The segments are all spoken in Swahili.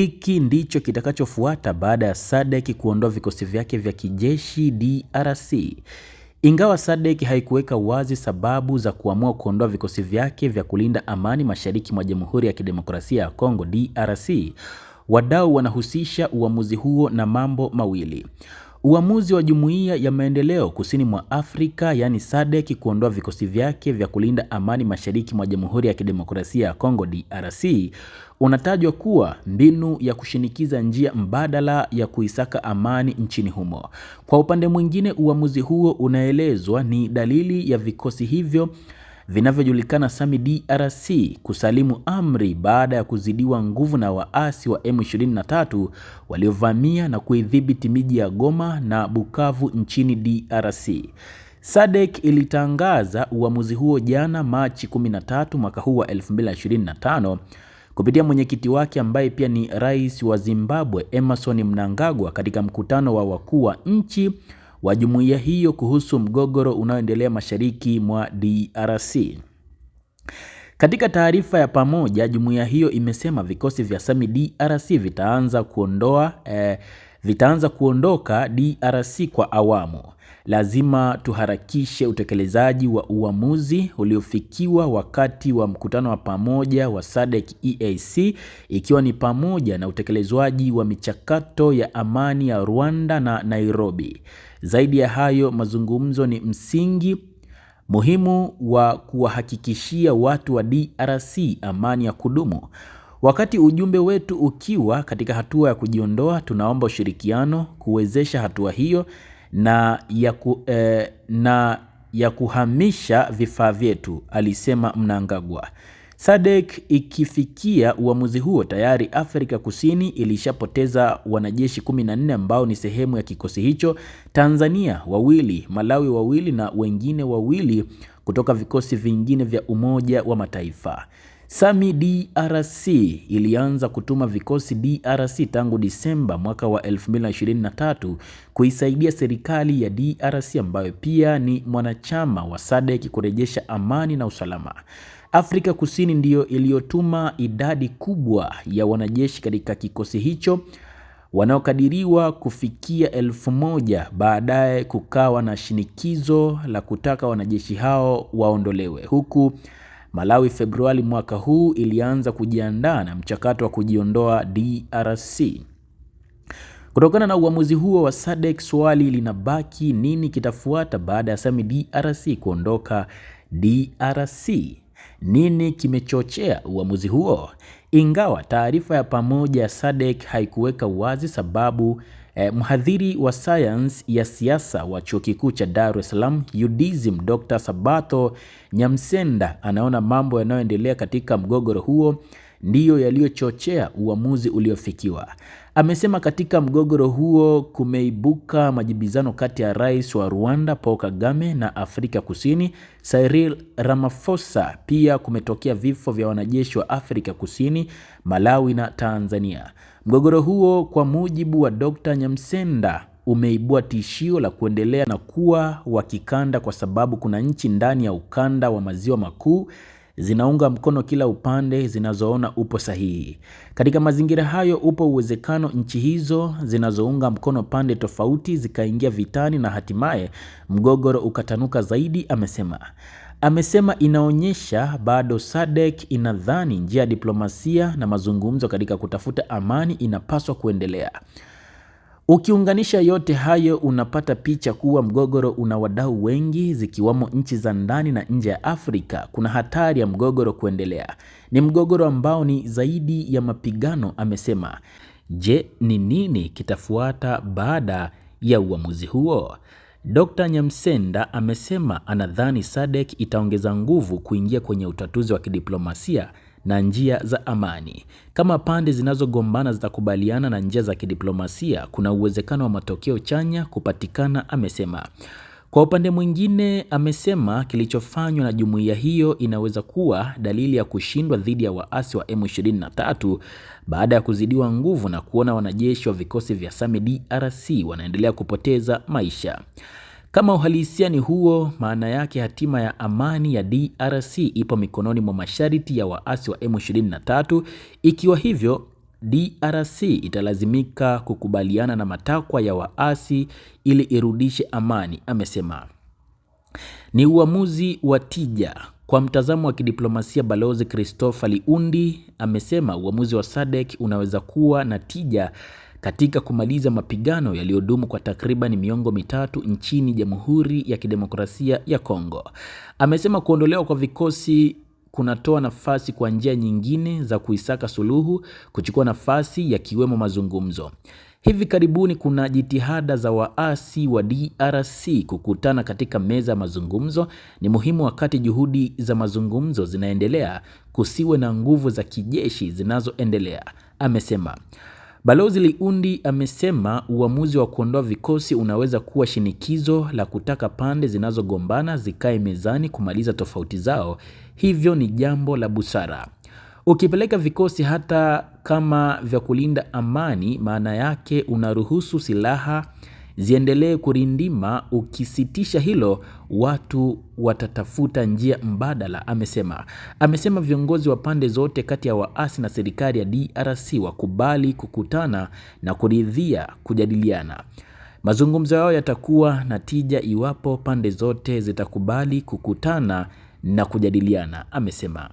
Hiki ndicho kitakachofuata baada ya SADC kuondoa vikosi vyake vya kijeshi DRC. Ingawa SADC haikuweka wazi sababu za kuamua kuondoa vikosi vyake vya kulinda amani mashariki mwa Jamhuri ya Kidemokrasia ya Kongo DRC, wadau wanahusisha uamuzi huo na mambo mawili. Uamuzi wa Jumuiya ya Maendeleo Kusini mwa Afrika yaani SADC kuondoa vikosi vyake vya kulinda amani mashariki mwa Jamhuri ya Kidemokrasia ya Kongo DRC unatajwa kuwa mbinu ya kushinikiza njia mbadala ya kuisaka amani nchini humo. Kwa upande mwingine, uamuzi huo unaelezwa ni dalili ya vikosi hivyo vinavyojulikana SAMI DRC kusalimu amri baada ya kuzidiwa nguvu na waasi wa M23 waliovamia na kuidhibiti miji ya Goma na Bukavu nchini DRC. SADC ilitangaza uamuzi huo jana Machi 13 mwaka huu wa 2025 kupitia mwenyekiti wake ambaye pia ni rais wa Zimbabwe Emerson Mnangagwa katika mkutano wa wakuu wa nchi wa jumuiya hiyo kuhusu mgogoro unaoendelea mashariki mwa DRC. Katika taarifa ya pamoja, jumuiya hiyo imesema vikosi vya SAMI DRC vitaanza kuondoa eh, vitaanza kuondoka DRC kwa awamu. Lazima tuharakishe utekelezaji wa uamuzi uliofikiwa wakati wa mkutano wa pamoja wa SADC e EAC ikiwa ni pamoja na utekelezwaji wa michakato ya amani ya Rwanda na Nairobi. Zaidi ya hayo, mazungumzo ni msingi muhimu wa kuwahakikishia watu wa DRC amani ya kudumu. Wakati ujumbe wetu ukiwa katika hatua ya kujiondoa, tunaomba ushirikiano kuwezesha hatua hiyo na ya, ku, eh, na ya kuhamisha vifaa vyetu, alisema Mnangagwa. SADC ikifikia uamuzi huo, tayari Afrika Kusini ilishapoteza wanajeshi 14 ambao ni sehemu ya kikosi hicho, Tanzania wawili, Malawi wawili na wengine wawili kutoka vikosi vingine vya Umoja wa Mataifa. Sami DRC ilianza kutuma vikosi DRC tangu Disemba mwaka wa 2023 kuisaidia serikali ya DRC ambayo pia ni mwanachama wa SADC kurejesha amani na usalama. Afrika Kusini ndiyo iliyotuma idadi kubwa ya wanajeshi katika kikosi hicho wanaokadiriwa kufikia elfu moja baadaye kukawa na shinikizo la kutaka wanajeshi hao waondolewe huku Malawi Februari mwaka huu ilianza kujiandaa na mchakato wa kujiondoa DRC. Kutokana na uamuzi huo wa SADC, swali linabaki, nini kitafuata baada ya SAMI DRC kuondoka DRC? Nini kimechochea uamuzi huo? Ingawa taarifa ya pamoja ya SADC haikuweka wazi sababu eh, mhadhiri wa sayansi ya siasa wa Chuo Kikuu cha Dar es Salaam UDSM, Dr. Sabato Nyamsenda anaona mambo yanayoendelea katika mgogoro huo ndiyo yaliyochochea uamuzi uliofikiwa. Amesema katika mgogoro huo kumeibuka majibizano kati ya rais wa Rwanda Paul Kagame na Afrika Kusini Cyril Ramaphosa. Pia kumetokea vifo vya wanajeshi wa Afrika Kusini, Malawi na Tanzania. Mgogoro huo kwa mujibu wa Dr. Nyamsenda umeibua tishio la kuendelea na kuwa wa kikanda kwa sababu kuna nchi ndani ya ukanda wa maziwa makuu zinaunga mkono kila upande zinazoona upo sahihi. Katika mazingira hayo, upo uwezekano nchi hizo zinazounga mkono pande tofauti zikaingia vitani na hatimaye mgogoro ukatanuka zaidi, amesema. Amesema inaonyesha bado SADC inadhani njia ya diplomasia na mazungumzo katika kutafuta amani inapaswa kuendelea. Ukiunganisha yote hayo unapata picha kuwa mgogoro una wadau wengi zikiwamo nchi za ndani na nje ya Afrika. Kuna hatari ya mgogoro kuendelea. Ni mgogoro ambao ni zaidi ya mapigano, amesema. Je, ni nini kitafuata baada ya uamuzi huo? Dr. Nyamsenda amesema anadhani SADC itaongeza nguvu kuingia kwenye utatuzi wa kidiplomasia na njia za amani. Kama pande zinazogombana zitakubaliana na njia za kidiplomasia, kuna uwezekano wa matokeo chanya kupatikana, amesema. Kwa upande mwingine, amesema kilichofanywa na jumuiya hiyo inaweza kuwa dalili ya kushindwa dhidi ya waasi wa M23 baada ya kuzidiwa nguvu na kuona wanajeshi wa vikosi vya samidrc wanaendelea kupoteza maisha. Kama uhalisia ni huo, maana yake hatima ya amani ya DRC ipo mikononi mwa masharti ya waasi wa M23. Ikiwa hivyo, DRC italazimika kukubaliana na matakwa ya waasi ili irudishe amani, amesema. Ni uamuzi wa tija kwa mtazamo wa kidiplomasia. Balozi Christopher Liundi amesema uamuzi wa SADC unaweza kuwa na tija katika kumaliza mapigano yaliyodumu kwa takriban miongo mitatu nchini Jamhuri ya Kidemokrasia ya Kongo. Amesema kuondolewa kwa vikosi kunatoa nafasi kwa njia nyingine za kuisaka suluhu kuchukua nafasi yakiwemo mazungumzo. Hivi karibuni kuna jitihada za waasi wa DRC kukutana katika meza ya mazungumzo. Ni muhimu wakati juhudi za mazungumzo zinaendelea, kusiwe na nguvu za kijeshi zinazoendelea, amesema. Balozi Liundi amesema uamuzi wa kuondoa vikosi unaweza kuwa shinikizo la kutaka pande zinazogombana zikae mezani kumaliza tofauti zao, hivyo ni jambo la busara. Ukipeleka vikosi hata kama vya kulinda amani, maana yake unaruhusu silaha ziendelee kurindima. Ukisitisha hilo, watu watatafuta njia mbadala, amesema. Amesema viongozi wa pande zote kati ya waasi na serikali ya DRC wakubali kukutana na kuridhia kujadiliana. Mazungumzo yao yatakuwa na tija iwapo pande zote zitakubali kukutana na kujadiliana, amesema.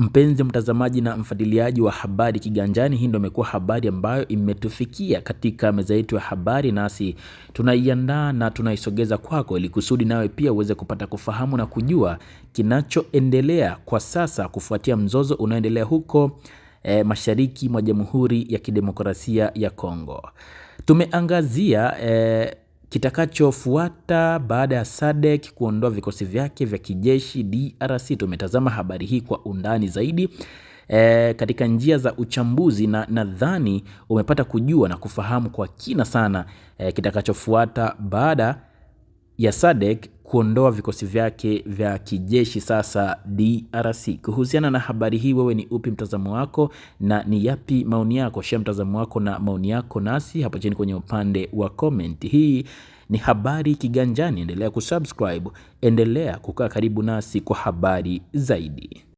Mpenzi mtazamaji na mfuatiliaji wa habari Kiganjani, hii ndio imekuwa habari ambayo imetufikia katika meza yetu ya habari, nasi tunaiandaa na tunaisogeza kwako ili kusudi nawe pia uweze kupata kufahamu na kujua kinachoendelea kwa sasa kufuatia mzozo unaoendelea huko e, mashariki mwa Jamhuri ya Kidemokrasia ya Kongo. Tumeangazia e, kitakachofuata baada ya SADC kuondoa vikosi vyake vya kijeshi DRC. Tumetazama habari hii kwa undani zaidi e, katika njia za uchambuzi na nadhani umepata kujua na kufahamu kwa kina sana e, kitakachofuata baada ya SADC kuondoa vikosi vyake vya kijeshi sasa DRC. Kuhusiana na habari hii, wewe ni upi mtazamo wako na ni yapi maoni yako? Share mtazamo wako na maoni yako nasi hapo chini kwenye upande wa comment. Hii ni habari Kiganjani. Endelea kusubscribe, endelea kukaa karibu nasi kwa habari zaidi.